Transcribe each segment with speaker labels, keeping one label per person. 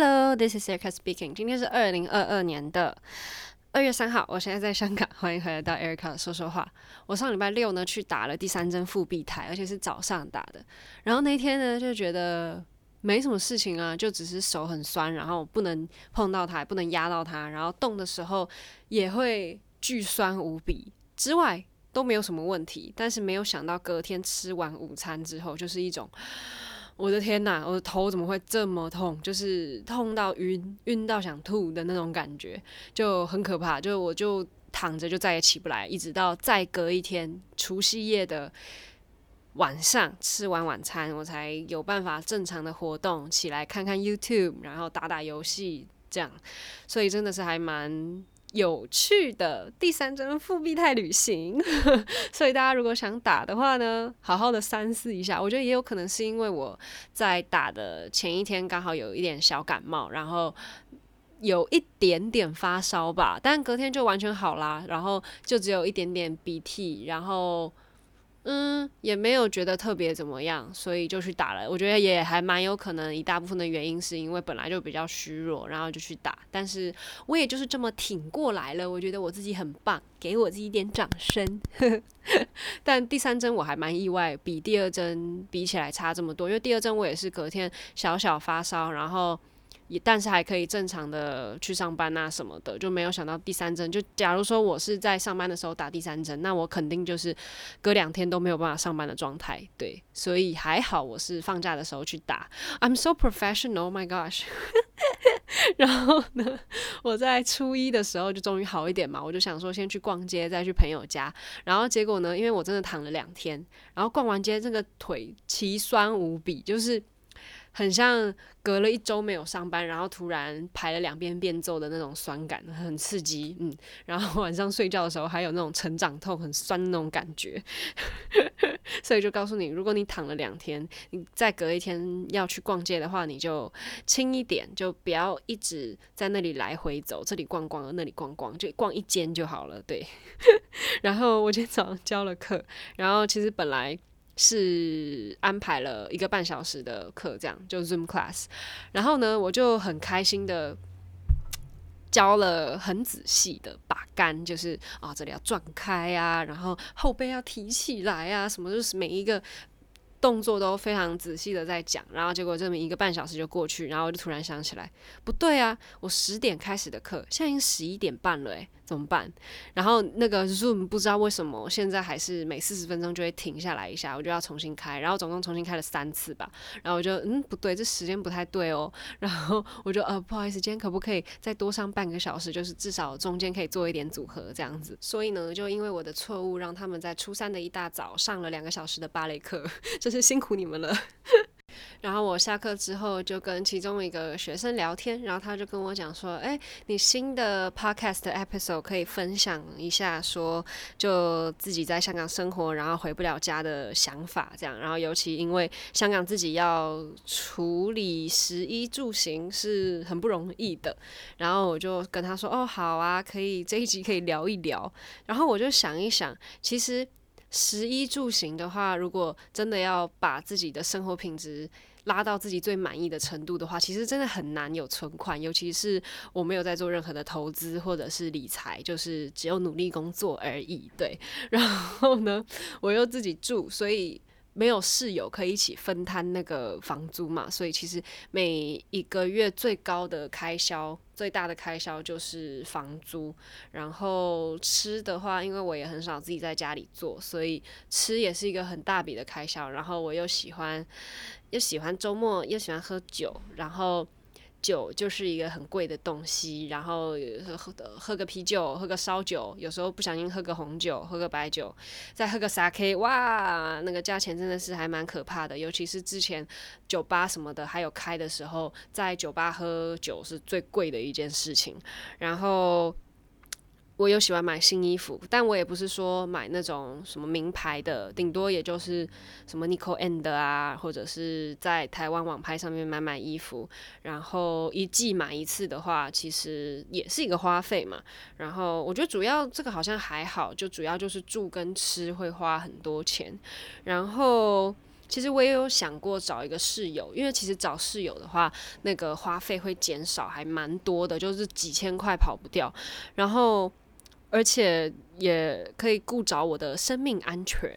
Speaker 1: Hello, this is Erica speaking. 今天是二零二二年的二月三號，我現在在香港，歡迎回來到 Erica 說說話。我上禮拜六呢去打了第三針復必泰，而且是早上打的。然後那天呢就覺得沒什麼事情啊，就只是手很酸，然後不能碰到它，也不能壓到它，然後動的時候也會巨酸無比，之外都沒有什麼問題。但是沒有想到隔天吃完午餐之後，就是一種。我的天吶，我的頭怎麼會這麼痛？就是痛到暈，暈到想吐的那種感覺，就很可怕。就我就躺着就再也起不來，一直到再隔一天，除夕夜的晚上吃完晚餐，我才有辦法正常的活動起來，看看 YouTube，然後打打遊戲這樣。所以真的是還蠻。有趣的第三針復必泰旅行呵呵，所以大家如果想打的話呢，好好的三思一下。我覺得也有可能是因為我在打的前一天剛好有一點小感冒，然後有一點點發燒吧，但隔天就完全好啦，然後就只有一點點鼻涕，然後。嗯，也沒有覺得特別怎麼樣，所以就去打了。我覺得也還蠻有可能，一大部分的原因是因為本來就比較虛弱，然後就去打。但是我也就是這麼挺過來了，我覺得我自己很棒，給我自己一點掌聲。 但第三針我還蠻意外，比第二針比起來差這麼多，因為第二針我也是隔天小小發燒，然後。也，但是還可以正常的去上班啊什麼的，就沒有想到第三針。就假如說我是在上班的時候打第三針，那我肯定就是隔兩天都沒有辦法上班的狀態。對，所以還好我是放假的時候去打。I'm so professional, my gosh。 然後呢，我在初一的時候就終於好一點嘛，我就想說先去逛街，再去朋友家。然後結果呢，因為我真的躺了兩天，然後逛完街這個腿奇酸無比，就是。很像隔了一週沒有上班，然後突然排了兩遍變奏的那種酸感，很刺激，嗯。然後晚上睡覺的時候還有那種成長痛，很酸那種感覺。 所以就告訴你，如果你躺了兩天，你再隔一天要去逛街的話，你就輕一點，就不要一直在那裡來回走，這裡逛逛，那裡逛逛，就逛一間就好了，對。 然後我今天早上教了課，然後其實本來。是安排了一個半小時的課，這樣就 Zoom class。然後呢，我就很開心的教了很仔細的把，把杆就是啊，這裡要轉開啊，然後後背要提起來啊，什麼就是每一個動作都非常仔細的在講。然後結果這麼一個半小時就過去，然後我就突然想起來，不對啊，我十點開始的課，現在已經十一點半了，欸。怎麼辦？然後那個 Zoom 不知道為什麼現在還是每四十分鐘就會停下來一下，我就要重新開，然後總共重新開了三次吧。然後我就嗯，不對，這時間不太對哦。然後我就呃，不好意思，今天可不可以再多上半個小時？就是至少中間可以做一點組合這樣子。所以呢，就因為我的錯誤，讓他們在初三的一大早上了兩個小時的芭蕾課，真是辛苦你們了。然後我下課之後就跟其中一個學生聊天，然後他就跟我講說：“哎、欸，你新的 podcast episode 可以分享一下，說就自己在香港生活，然後回不了家的想法，這樣。然後尤其因為香港自己要處理食衣住行是很不容易的。然後我就跟他說：‘哦，好啊，可以，這一集可以聊一聊。’然後我就想一想，其實食衣住行的話，如果真的要把自己的生活品質，拉到自己最滿意的程度的話，其實真的很難有存款，尤其是我沒有在做任何的投資或者是理財，就是只有努力工作而已。對，然後呢，我又自己住，所以。沒有室友可以一起分攤那個房租嘛，所以其實每一個月最高的開銷，最大的開銷就是房租。然後吃的話，因為我也很少自己在家裡做，所以吃也是一個很大筆的開銷。然後我又喜歡，又喜歡周末，又喜歡喝酒，然後。酒就是一個很貴的東西，然後喝喝個啤酒，喝個燒酒，有時候不小心喝個紅酒，喝個白酒，再喝個沙克，哇，那個價錢真的是還蠻可怕的，尤其是之前酒吧什麼的還有開的時候，在酒吧喝酒是最貴的一件事情，然後。我有喜歡買新衣服，但我也不是說買那種什麼名牌的，頂多也就是什麼 niko and 啊，或者是在台灣網拍上面買買衣服，然後一季買一次的話，其實也是一個花費嘛。然後我覺得主要這個好像還好，就主要就是住跟吃會花很多錢。然後其實我也有想過找一個室友，因為其實找室友的話，那個花費會減少，還蠻多的，就是幾千塊跑不掉。然後。而且也可以顧着我的生命安全，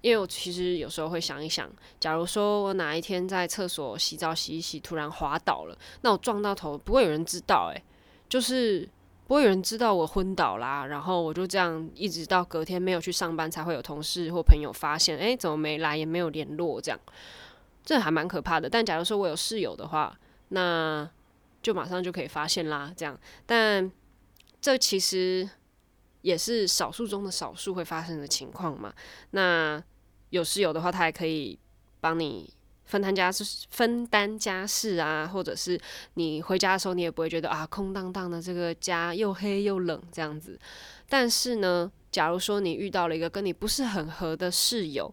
Speaker 1: 因為我其實有時候會想一想，假如說我哪一天在廁所洗澡洗一洗，突然滑倒了，那我撞到頭，不會有人知道誒，就是不會有人知道我昏倒啦，然後我就這樣一直到隔天沒有去上班，才會有同事或朋友發現，哎，怎麼沒來也沒有聯絡，這樣這還蠻可怕的。但假如說我有室友的話，那就馬上就可以發現啦，這樣。但這其實。也是少數中的少數會發生的情況嘛。那有室友的話，他還可以幫你分攤家事，分擔家事啊，或者是你回家的時候，你也不會覺得啊，空蕩蕩的這個家又黑又冷這樣子。但是呢，假如說你遇到了一個跟你不是很合的室友，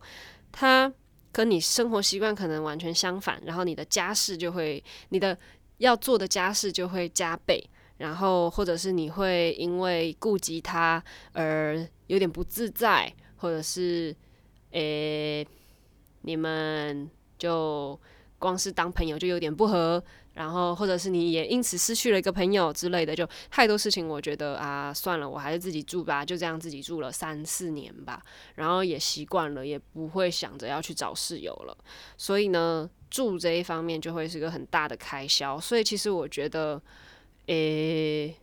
Speaker 1: 他跟你生活習慣可能完全相反，然後你的家事就會，你的要做的家事就會加倍。然後，或者是你會因為顧及他而有點不自在，或者是，誒，你們就光是當朋友就有點不合，然後，或者是你也因此失去了一個朋友之類的，就太多事情，我覺得啊，算了，我還是自己住吧，就這樣自己住了三四年吧，然後也習慣了，也不會想着要去找室友了。所以呢，住這一方面就會是一個很大的開銷，所以其實我覺得。誒、欸，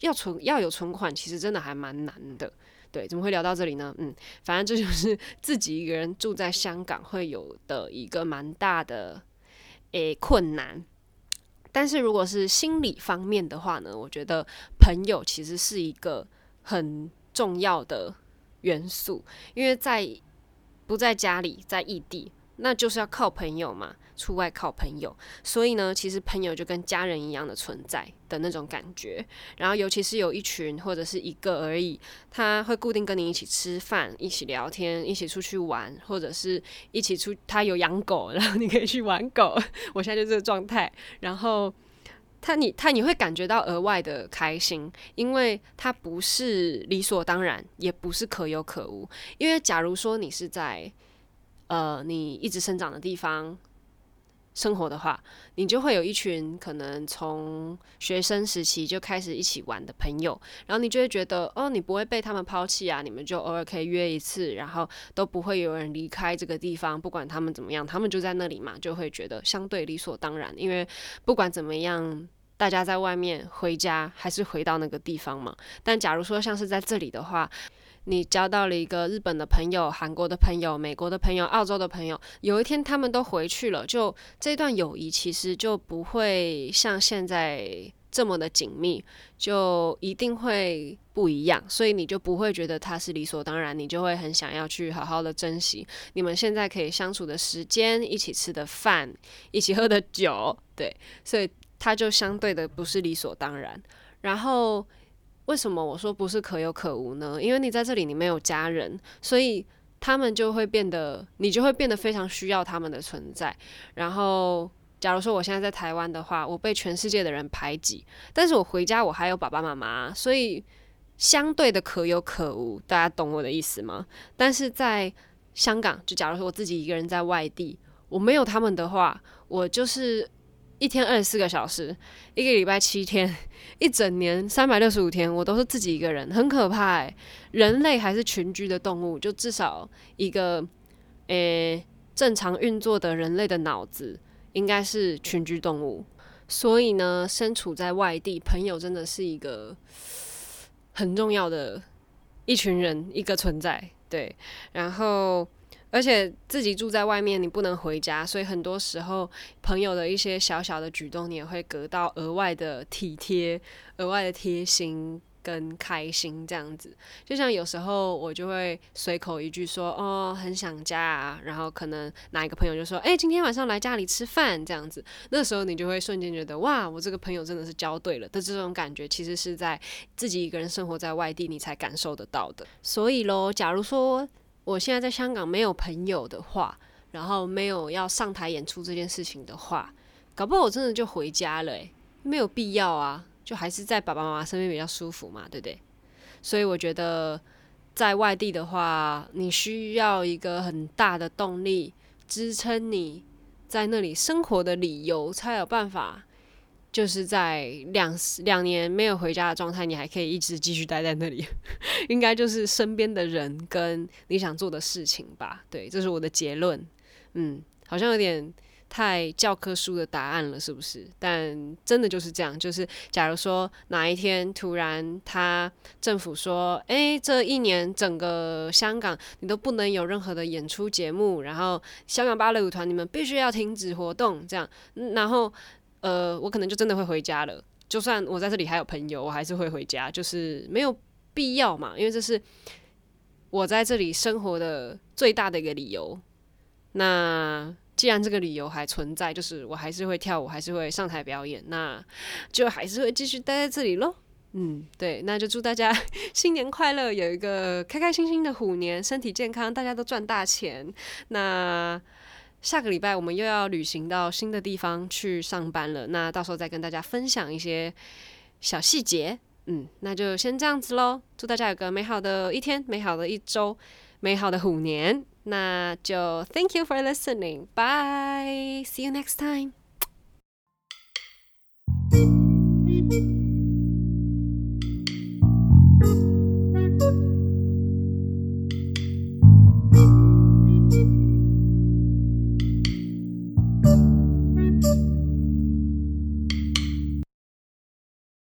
Speaker 1: 要存要有存款，其實真的還蠻難的。對，怎麼會聊到這裡呢？嗯，反正這就，就是自己一個人住在香港會有的一個蠻大的誒、欸，困難。但是如果是心理方面的話呢，我覺得朋友其實是一個很重要的元素，因為在不在家裡，在異地，那就是要靠朋友嘛。出外靠朋友，所以呢，其實朋友就跟家人一樣的存在的那種感覺。然後，尤其是有一群或者是一個而已，他會固定跟你一起吃飯、一起聊天、一起出去玩，或者是一起出。他有養狗，然後你可以去玩狗。我現在就這個狀態。然後他，你他你會感覺到額外的開心，因為他不是理所當然，也不是可有可無。因為假如說你是在呃，你一直生長的地方。生活的話，你就會有一群可能從學生時期就開始一起玩的朋友，然後你就會覺得，哦，你不會被他們拋棄啊，你們就偶爾可以約一次，然後都不會有人離開這個地方，不管他們怎麼樣，他們就在那裡嘛，就會覺得相對理所當然，因為不管怎麼樣，大家在外面回家還是回到那個地方嘛。但假如說像是在這裡的話，你交到了一個日本的朋友、韓國的朋友、美國的朋友、澳洲的朋友。有一天他們都回去了，就這段友誼其實就不會像現在這麼的緊密，就一定會不一樣。所以你就不會覺得它是理所當然，你就會很想要去好好的珍惜你們現在可以相處的時間、一起吃的飯、一起喝的酒。對，所以它就相對的不是理所當然。然後。為什麼我說不是可有可無呢？因為你在這裡，你沒有家人，所以他們就會變得你就會變得非常需要他們的存在。然後，假如說我現在在台灣的話，我被全世界的人排擠，但是我回家我還有爸爸媽媽，所以相對的可有可無。大家懂我的意思嗎？但是在香港，就假如說我自己一個人在外地，我沒有他們的話，我就是。一天二十四個小時，一個禮拜七天，一整年三百六十五天，我都是自己一個人，很可怕、欸。人類還是群居的動物，就至少一個，呃、欸，正常運作的人類的腦子應該是群居動物。所以呢，身處在外地，朋友真的是一個很重要的一群人，一個存在。對，然後。而且自己住在外面，你不能回家，所以很多時候朋友的一些小小的舉動，你也會得到額外的體貼、額外的貼心跟開心。這樣子，就像有時候我就會隨口一句說：“哦，很想家啊。”然後可能哪一個朋友就說：“誒，今天晚上來家裡吃飯。”這樣子，那時候你就會瞬間覺得：“哇，我這個朋友真的是交對了。”的這種感覺，其實是在自己一個人生活在外地，你才感受得到的。所以嘍，假如說。我現在在香港沒有朋友的話，然後沒有要上台演出這件事情的話，搞不好我真的就回家了欸。沒有必要啊，就還是在爸爸媽媽身邊比較舒服嘛，對不對？所以我覺得在外地的話，你需要一個很大的動力支撐你在那裡生活的理由，才有辦法。就是在兩兩年沒有回家的狀態，你還可以一直繼續待在那裡， 應該就是身邊的人跟你想做的事情吧。對，這是我的結論。嗯，好像有點太教科書的答案了，是不是？但真的就是這樣。就是假如說哪一天突然他政府說，哎、欸，這一年整個香港你都不能有任何的演出節目，然後香港芭蕾舞團你們必須要停止活動，這樣，嗯、然後。呃，我可能就真的會回家了。就算我在這裡還有朋友，我還是會回家，就是沒有必要嘛，因為這是我在這裡生活的最大的一個理由。那既然這個理由還存在，就是我還是會跳舞，還是會上台表演，那就還是會繼續待在這裡嘍。嗯，對，那就祝大家新年快樂，有一個開開心心的虎年，身體健康，大家都賺大錢。那。下個禮拜我們又要旅行到新的地方去上班了，那到時候再跟大家分享一些小細節。嗯，那就先這樣子嘍。祝大家有個美好的一天、美好的一周、美好的虎年。那就 Thank you for listening. Bye. See you next time.